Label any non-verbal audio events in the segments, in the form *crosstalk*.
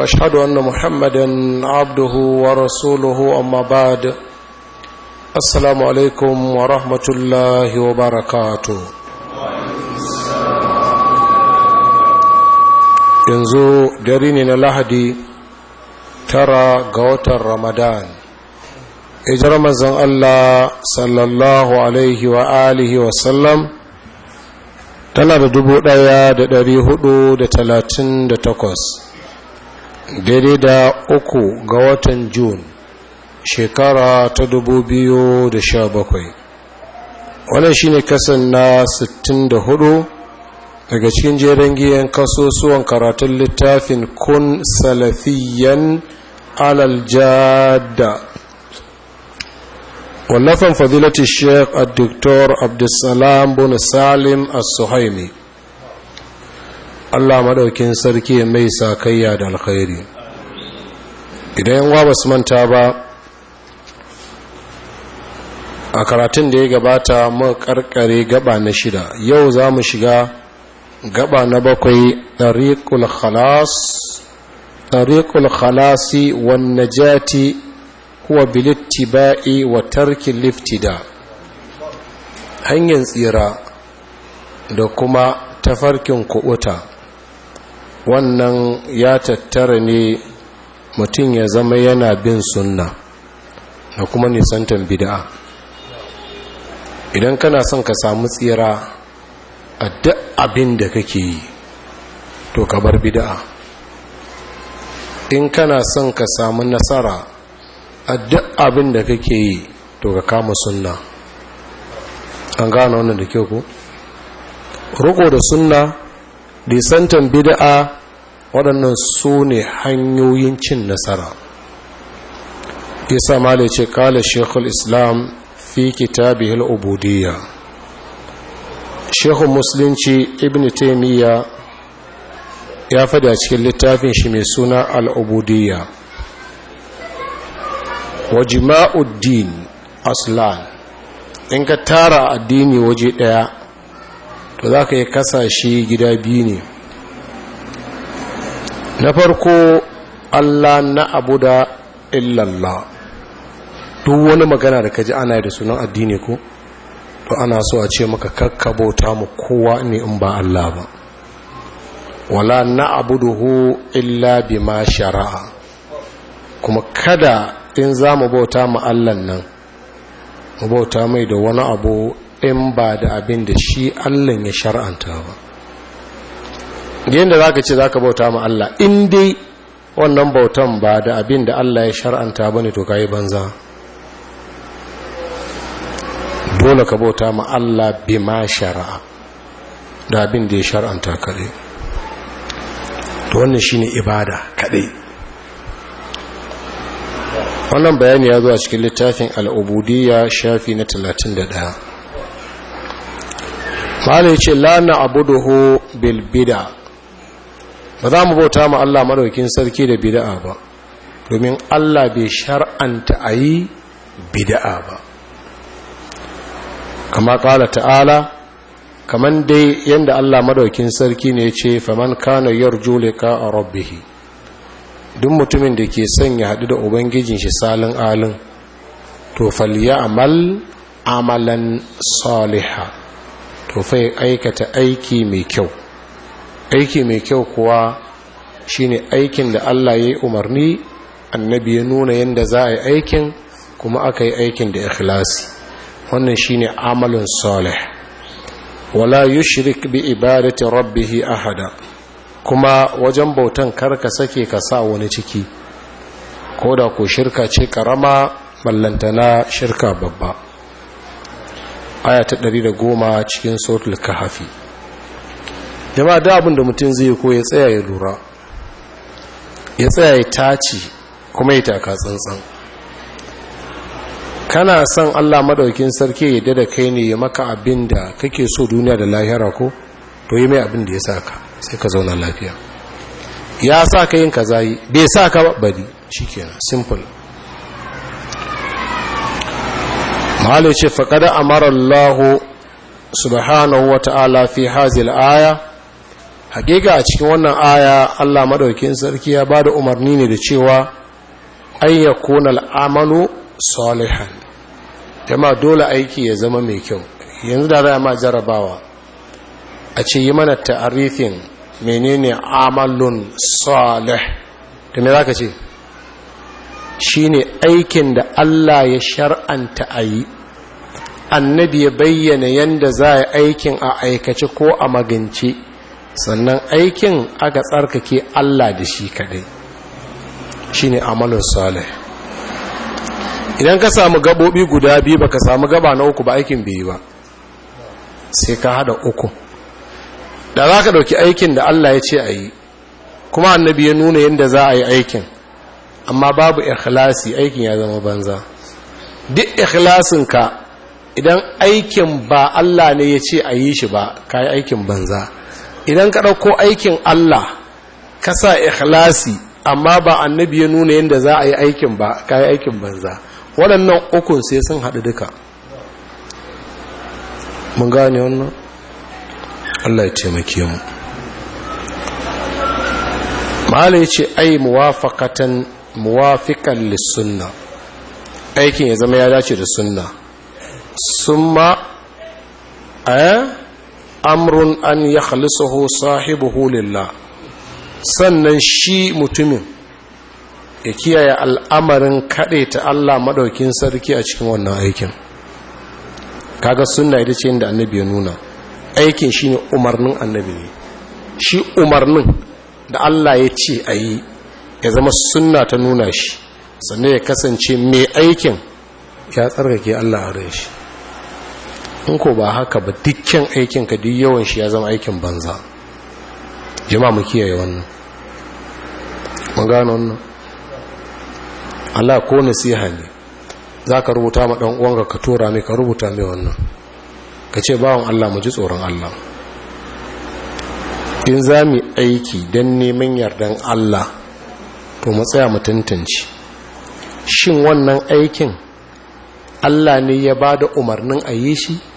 واشهد ان محمدا عبده ورسوله اما بعد السلام عليكم ورحمه الله وبركاته yanzu dare ne na lahadi tara ga watan ramadan ijar mazan allah sallallahu alaihi wa alihi wa sallam tana da dubu ɗaya da dari hudu da talatin da takwas daidai da uku ga watan Jun shekara ta dubu biyu da sha bakwai. wannan shine kasan na 64 daga cikin jeren giyan kasusuwan karatun littafin kun salafiyan alal jada wallafan fadilati sheikh a doktor abdulsalam bin salim as-suhaimi Allah maɗaukin sarki mai sakayya da alkhairi idan yan wa manta ba a karatun da ya gabata mu karkare gaba na shida yau za mu shiga gaba na bakwai tariqul khalas tariqul khalasi wan najati huwa bil ittiba'i wa tarki liftida hanyar tsira da kuma tafarkin kuɓuta wannan ya tattara ne mutum ya zama yana bin sunna da kuma nisantan bida'a idan kana son ka samu tsira a duk abin da kake yi to ka bar bid'a in kana son ka samu nasara a duk abin da kake yi to ka kama sunna an gano wannan da kyau ku da sunna disantan bid'a waɗannan su ne hanyoyin cin nasara isa male ce kala shekul islam fi kitabi al'ubudiyya shekul musulunci ibn taimiyya ya fada cikin littafin shi mai suna al'ubudiyya wa jima'uddin aslan in ka tara addini waje ɗaya to za ka yi kasashe gida biyu ne na farko allah na abu da illallah duk wani magana da ka ji ana da sunan addini ko to ana so a ce maka bauta mu kowa ne in ba allah ba wala na hu illa ma shara'a kuma kada in za mu bauta mu allan nan mu bauta mai da wani abu in ba da abin da shi Allah ya shar'anta ba yadda za ka ce za ka bauta ma Allah in dai wannan bautan ba da abin da Allah ya shar'anta ba ne to ka yi banza dole ka bauta ma Allah bi ma shara'a da abin da ya shar'anta kare to wannan shi ne ibada kadai wannan bayani ya zuwa cikin littafin al'ubudiyya shafi na 31 ya ce lana da bil bilbida ba za mu bauta ma Allah madaukin sarki da bida'a ba domin Allah bai shar'anta yi bid'a ba kama kala ta'ala kaman dai yadda Allah madaukin sarki ne ya ce faman kana ka a rabbihi duk mutumin da ke son ya haɗu da ubangijin shi salin alin to ya amal amalan salihah to fai aikata aiki mai kyau aiki mai kyau kuwa shine aikin da Allah ya yi umarni annabi ya nuna yadda za a yi aikin kuma aka yi aikin da ikhlasi wannan shine amalin salih wala yushrik bi ibadati rabbih ahada kuma wajen bautan karka sake ka sa wani ciki koda ko shirka ce karama ballantana shirka babba aya ta da goma cikin sautul kahafi Jam'a da abin da mutum zai ko ya tsaya ya lura ya tsaya ya taci kuma ya taka tsantsan kana son Allah maɗaukin sarki ya dada kai ne ya maka abin da kake so duniya da lahira ko to yi mai abin da ya sa ka sai ka zauna lafiya ya sa ka yin kaza yi bai sa ka shi kenan simple hali ce faƙada amarallahu subhanahu wa ta'ala fi hazil aya haƙiƙa a cikin wannan aya allah maɗaukin sarki ya ba da umarni ne da cewa an ya kona al'amalu salihan ma dole aiki ya zama mai kyau yanzu da za ma jarabawa a ce yi mana ta'arifin menene amalun salih da me za ka ce shi ne aikin da allah ya shar'anta a yi annabi ya bayyana yadda za a aikin a aikace ko a magance sannan aikin aka tsarkake Allah da shi kadai shi ne amalin salih idan ka samu gabobi guda biyu ba ka samu gaba na uku ba aikin biyu ba sai ka hada uku da za ka dauki aikin da Allah ya ce a yi kuma annabi ya nuna yadda za a yi aikin amma babu ikhlasi aikin ya zama banza duk ikhlasinka idan aikin ba Allah ne ya ce a yi shi ba ka yi aikin banza idan ka ɗauko aikin Allah ka sa ikhlasi amma ba annabi ya nuna yadda za a yi aikin ba ka yi aikin banza waɗannan ukun sai sun haɗu duka mun gane wannan Allah ya taimake mu ma'ala ya ce ai muwafakatan muwafikan lissunna aikin ya zama ya dace da sunna ثم eh amrun an ya لله sannan shi mutumin ya kiyaye al'amarin ta Allah maɗaukin sarki a cikin wannan aikin kaga sunna ita ce inda annabi ya nuna aikin shine umarnin annabi ne shi umarnin da Allah ya ce a yi ya zama sunna ta nuna shi sannan ya kasance mai aikin ya tsarkake Allah a rai shi in ko ba haka ba dukkan aikinka duk yawan shi ya zama aikin banza jama'a mu kiyaye wannan mun gano wannan Allah ko nasiha ne zaka rubuta ma dan uwanka ka tura mai ka rubuta mai wannan ka ce bawon Allah mu ji tsoron Allah in za mu aiki dan neman yardan Allah to mu tsaya mu tantance shin wannan aikin Allah ne ya ba da umarnin a yi shi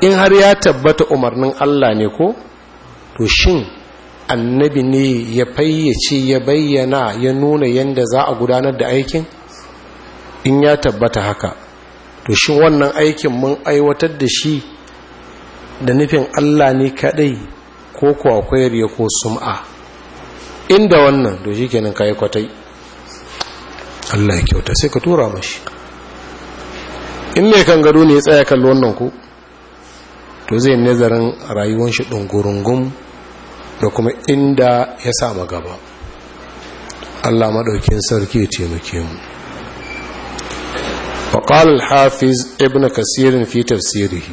in har ya tabbata umarnin Allah ne ko to shin annabi ne ya fayyace ya bayyana ya nuna yadda za a gudanar da aikin in ya tabbata haka to shin wannan aikin mun aiwatar da shi da nufin Allah ne kadai ko kuwa kwayar ko sum'a inda wannan to shi kenan kayi kwatai Allah ya kyauta sai ka tura mashi in mai kan gado ne ya tsaya kallo wannan ku to zai nazarin rayuwar shi ɗungurungun da kuma inda ya samu gaba Allah maɗaukin sarki ya taimake mu alhafiz Ibn kasirin كثير في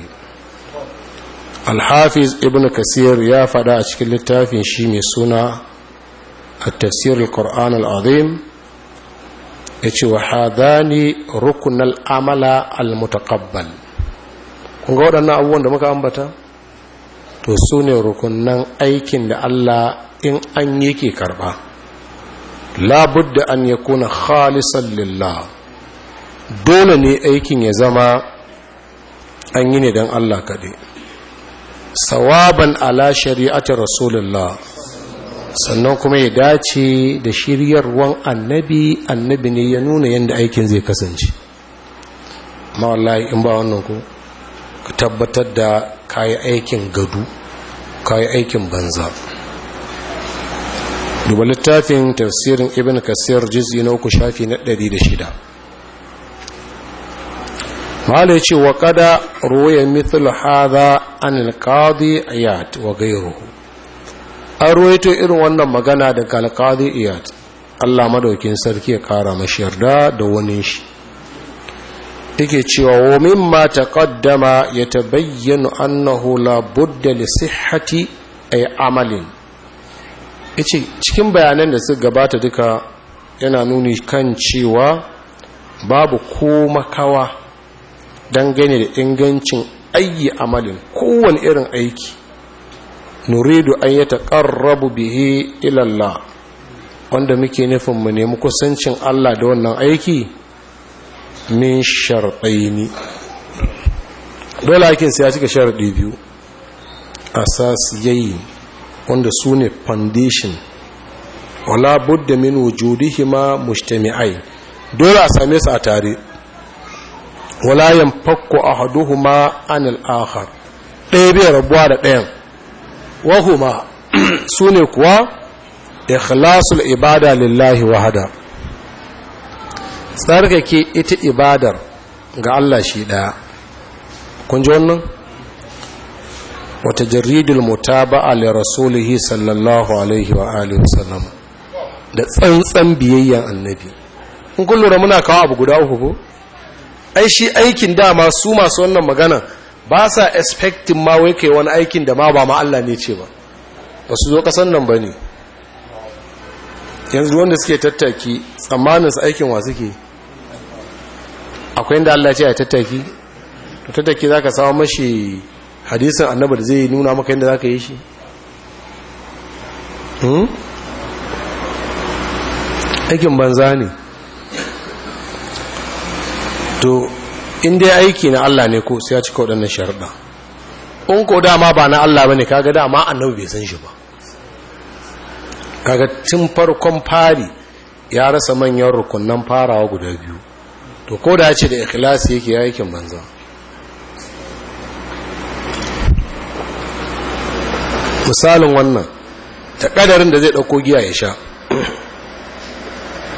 alhafiz Ibn kasir ya faɗa a cikin littafin shi mai suna a التفسير القرآن ya ce wa ne rukunan amala al mutaqabbal kun ga waɗannan abubuwan da muka ambata to su ne rukunan aikin da Allah in an yi ke karɓa labudda an ya kuna khalisan lillah dole ne aikin ya zama an yi ne don Allah kaɗe sawaban ala shari'atar rasulullah sannan kuma ya dace da shiryar shiryarwan annabi annabi ne ya nuna yadda aikin zai kasance ma wallahi in ba wannan ku ka tabbatar da kayi aikin gadu kayi aikin banza duba littafin tafsirin ibn kasir jizi na uku shafi na 106 mahalai ce wa kada ruwaya mithil hadha an alqadi ayat wa ghayruhu an ruwaito irin wannan magana daga alqadi iyad Allah madaukin sarki ya kara mashi yarda da wani shi yake cewa wa mimma taqaddama bayyana annahu la budda li sihhati ay amalin yace cikin bayanan da suka gabata duka yana nuni kan cewa babu ko makawa dangane da ingancin ayyi amalin kowane irin aiki nuridu an yataqarrabu bihi ila Allah wanda muke nufin mu nemi kusancin Allah da wannan aiki min sharɗaini dole ake siya cika sharɗi biyu asasiyayi wanda su ne foundation wala budda min ma mujtami'ai dole a same su a tare wala fakko a haduhu ahaduhuma anil akhar ɗaya biyar rabuwa da ɗayan wahuma *clears throat* su ne kuwa ikhlasul ibada lillahi wahada tsarkake ita ibadar ga Allah shi ɗaya kun ji wannan wata jaridul mutaba'a li rasulihi sallallahu alaihi wa alihi wasallam da tsantsan biyayyan annabi in kun da muna kawo abu guda uku ko ai shi aikin dama su masu wannan magana ba sa expecting ma wai kai wani aikin da ma ba ma Allah ne ce ba ba su zo kasan nan ba ne yanzu wanda suke tattaki tsammanin su aikin wa suke akwai inda Allah ce a tattaki to tattaki zaka samu mashi hadisin annabi da zai nuna maka inda zaka yi shi hmm aikin banza ne to inda aiki na Allah ne ko sai ya cika waɗannan sharuɗa in ko dama ba na Allah bane kaga dama annabi bai san shi ba kaga tun farkon fari ya rasa manyan rukunan farawa guda biyu to ko da ce da ikhlasi yake aikin yakin banza misalin wannan ta kadarin da zai dauko giya ya sha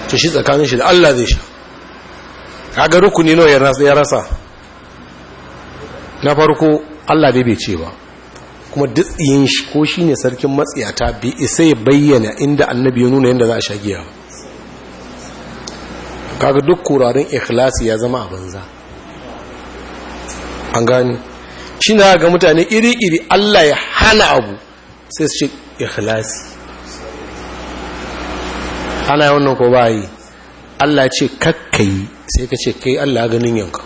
ta shi tsakanin shi da Allah zai sha kaga rukuni nawa ya rasa na farko Allah dai bai ce ba kuma dutsiyin shi ko shine sarkin matsiyata bai isa ya bayyana inda annabi ya nuna yadda za a sha giya ba kaga duk kurarin ikhlasi ya zama a banza an gani shi na ga mutane iri-iri Allah ya hana abu sai su ikhlasi ana yi wannan ko ba yi Allah ce kakkayi sai ka ce kai Allah ganin yanka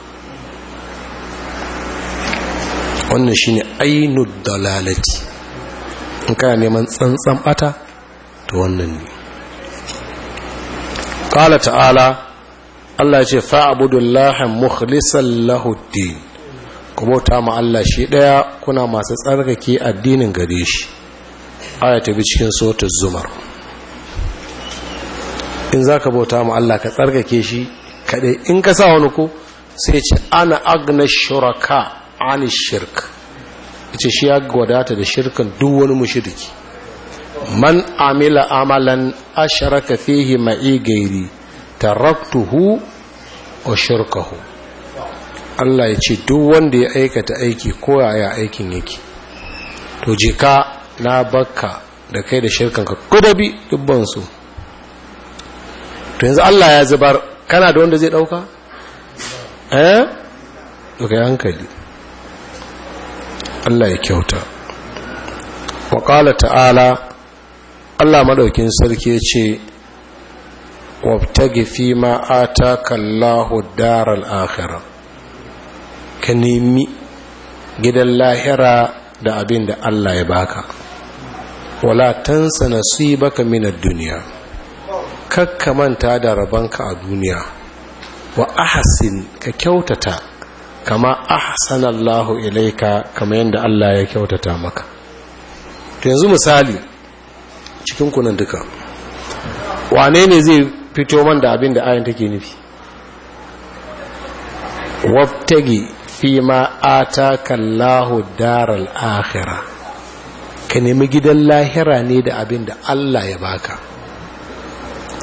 wannan shi ne ainu dalalati in kana neman tsantsan bata to wannan ne kala ta'ala Allah ce fa'abudullahan mukhlisan lahuddin ku bauta ma Allah shi ɗaya kuna masu tsarkake addinin gare shi aya ta bi cikin sotar zumar in za ka bauta ma Allah ka tsarkake shi kaɗai in ka sa wani ku sai ce ana agna shuraka ani shirk ce shi ya gwadata da shirkan duk wani shirki man amila amalan fi fihi ma'i gairi taraktuhu wa shirkahu Allah ya ce duk wanda ya aikata aiki ko yaya aikin yake to je ka na bakka da kai da shirkanka kudabi su to yanzu Allah ya zubar kana da wanda zai dauka eh to kai hankali Allah ya kyauta wa qala ta'ala Allah madaukin sarki ya ce wabtagi fi ma ataka Allahu daral akhirah ka nemi gidan lahira da abin da Allah ya baka wala tansa nasibaka min ad-dunya kakka manta da rabanka a duniya wa ahsin ka kyautata kama ahsana Allahu ilaika kama yanda Allah ya kyautata maka to yanzu misali cikin kunan duka wane ne zai fito man da abin da ayin take nufi wabtagi fi ma ataka kallahu daral akhirah ka nemi gidan lahira ne da abin da Allah ya baka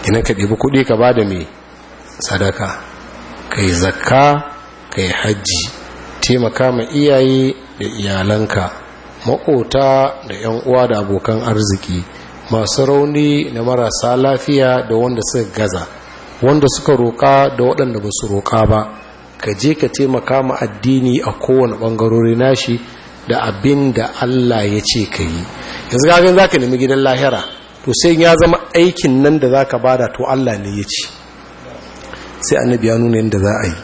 ina ka ɗebi kuɗi ka bada mai sadaka kai zakka kai hajji taimaka ma iyaye da iyalanka maƙota da 'yan uwa da abokan arziki masu rauni na marasa lafiya da wanda suka gaza wanda suka roƙa da waɗanda ba su roƙa ba ka je ka taimaka ma addini a kowane ɓangarori nashi da abin da Allah ya ce ka yi yanzu gagan za ka nemi gidan lahira to sai ya zama aikin nan da za ka bada to Allah ne ya ce sai annabi ya nuna yadda za a yi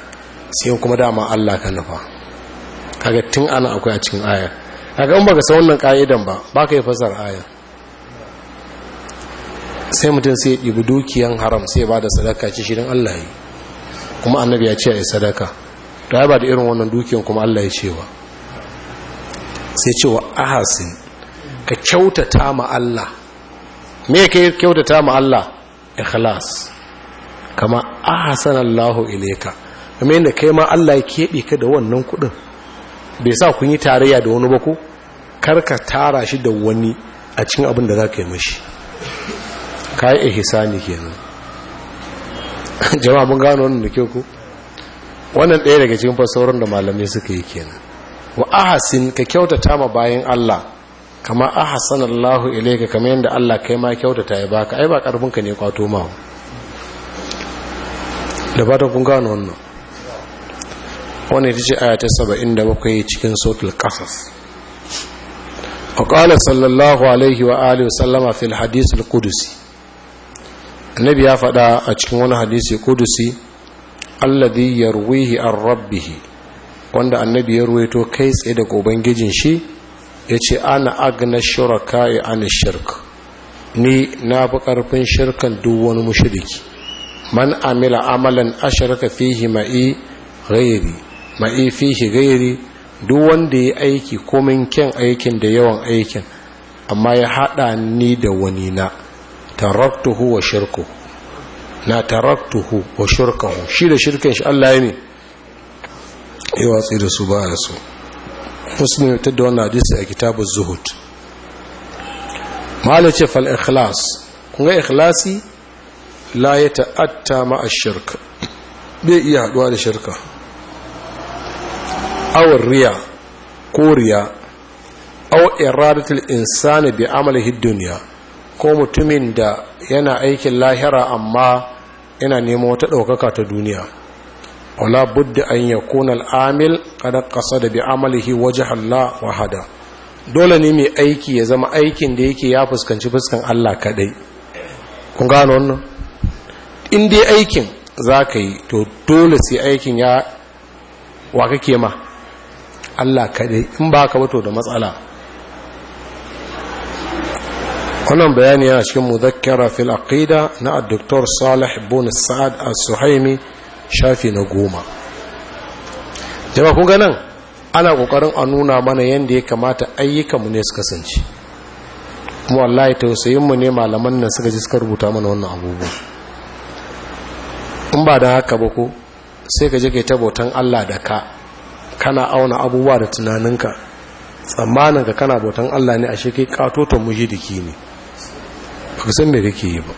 sai kuma dama Allah ka nufa kaga tun ana akwai a cikin ayar kaga in baka san wannan ka'idan ba baka yi fasar ayar sai mutum sai ya ɗibi dukiyan haram sai ba da sadaka ce shirin Allah yi kuma annabi ya ce a yi sadaka to ya ba da irin wannan dukiyan kuma Allah ya ce wa sai ce wa ahasin ka kyautata ma Allah me ka kyautata ma Allah ikhlas kama ahasan Allahu ilayka kuma yadda kai ma Allah ya keɓe ka da wannan kuɗin bai sa kun yi tarayya da wani ba ko kar ka tara shi da wani a cikin abin da za ka yi mashi kai ihsani kenan *laughs* jama'a mun gano wannan da kyau ku wannan ɗaya daga cikin fasarorin da malamai suka yi kenan wa ahasin ka kyautata ma bayan Allah kama ahsanallahu ilayka kamar yadda Allah kai ma kyautata ya baka ai ba karfin ka ne kwato ma da fatan kun gano wannan wannan ita ce aya ta 77 cikin suratul qasas وقال صلى الله عليه وآله وسلم في الحديث القدسي annabi ya faɗa a cikin wani hadisi kudusi alladhi yarwihi ar rabbihi wanda annabi ya ruwaito kai tsaye goban ubangijin shi yace ana agna shuraka ya ana shirk ni na fi ƙarfin shirkan duk wani mushriki man amila amalan asharaka fihi ma'i ghairi ma'i fihi ghairi duk wanda ya aiki komin kyan aikin da yawan aikin amma ya haɗa ni da wani na taraktuhu wa shirku na taraktuhu wa shirkahu shi da shirkin shi Allah ya ne ya watsi da su ba da su muslim ya tattada wannan hadisi a kitabu zuhud ma'ala ce fal ikhlas kun ga ikhlasi la ya ta'atta ma a shirka bai iya haduwa da shirka awar riya ko riya aw iradatul insani bi amalihi duniya. ko mutumin da yana aikin lahira amma yana neman wata ɗaukaka ta duniya wala budda an ya kunal amil kada ƙasa da bi amalihi waje halla wahada dole ne mai aiki ya zama aikin da yake ya fuskanci fuskan allah kaɗai kun gano wannan in dai aikin za ka yi to dole sai aikin ya wa kake ma allah kaɗai in ba ka wato da matsala wannan bayani yana cikin muzakkara fil aqida na dr salih ibn sa'ad as-suhaimi shafi na goma jama'a kun ga nan ana kokarin a nuna mana yanda ya kamata ayyukan mu ne su kasance kuma wallahi tausayin mu ne malaman nan suka ji suka rubuta mana wannan abubuwa in ba da haka ba ko sai ka je kai ta bautan Allah da ka kana auna abubuwa da tunaninka tsammaninka kana bautan Allah ne ashe kai katoton mujidiki ne ka san me kake yi ba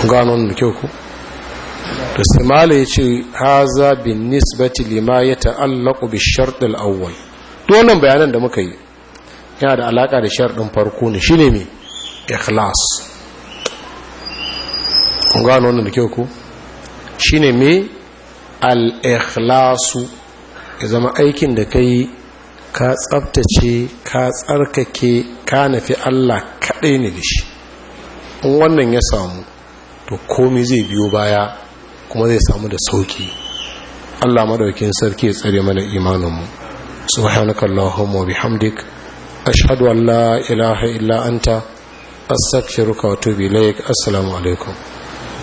kun gano wannan kyau ku to simala yace haza bin nisbati lima yata'allaqu bi shart awwal to wannan bayanan da muka yi yana da alaka da sharɗin farko ne shine me ikhlas kun gano wannan da kyau ku shine me al-ikhlasu ya zama aikin da kai ka tsabtace ka tsarkake ka nafi Allah kaɗai ne da shi in wannan ya samu to komi zai biyo baya kuma zai samu da sauki Allah madaukin sarki ya tsare mana imaninmu subhanakallahumma bihamdik ashhadu an la ilaha illa anta astaghfiruka wa atubu ilaik assalamu alaikum